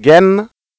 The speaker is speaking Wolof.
genn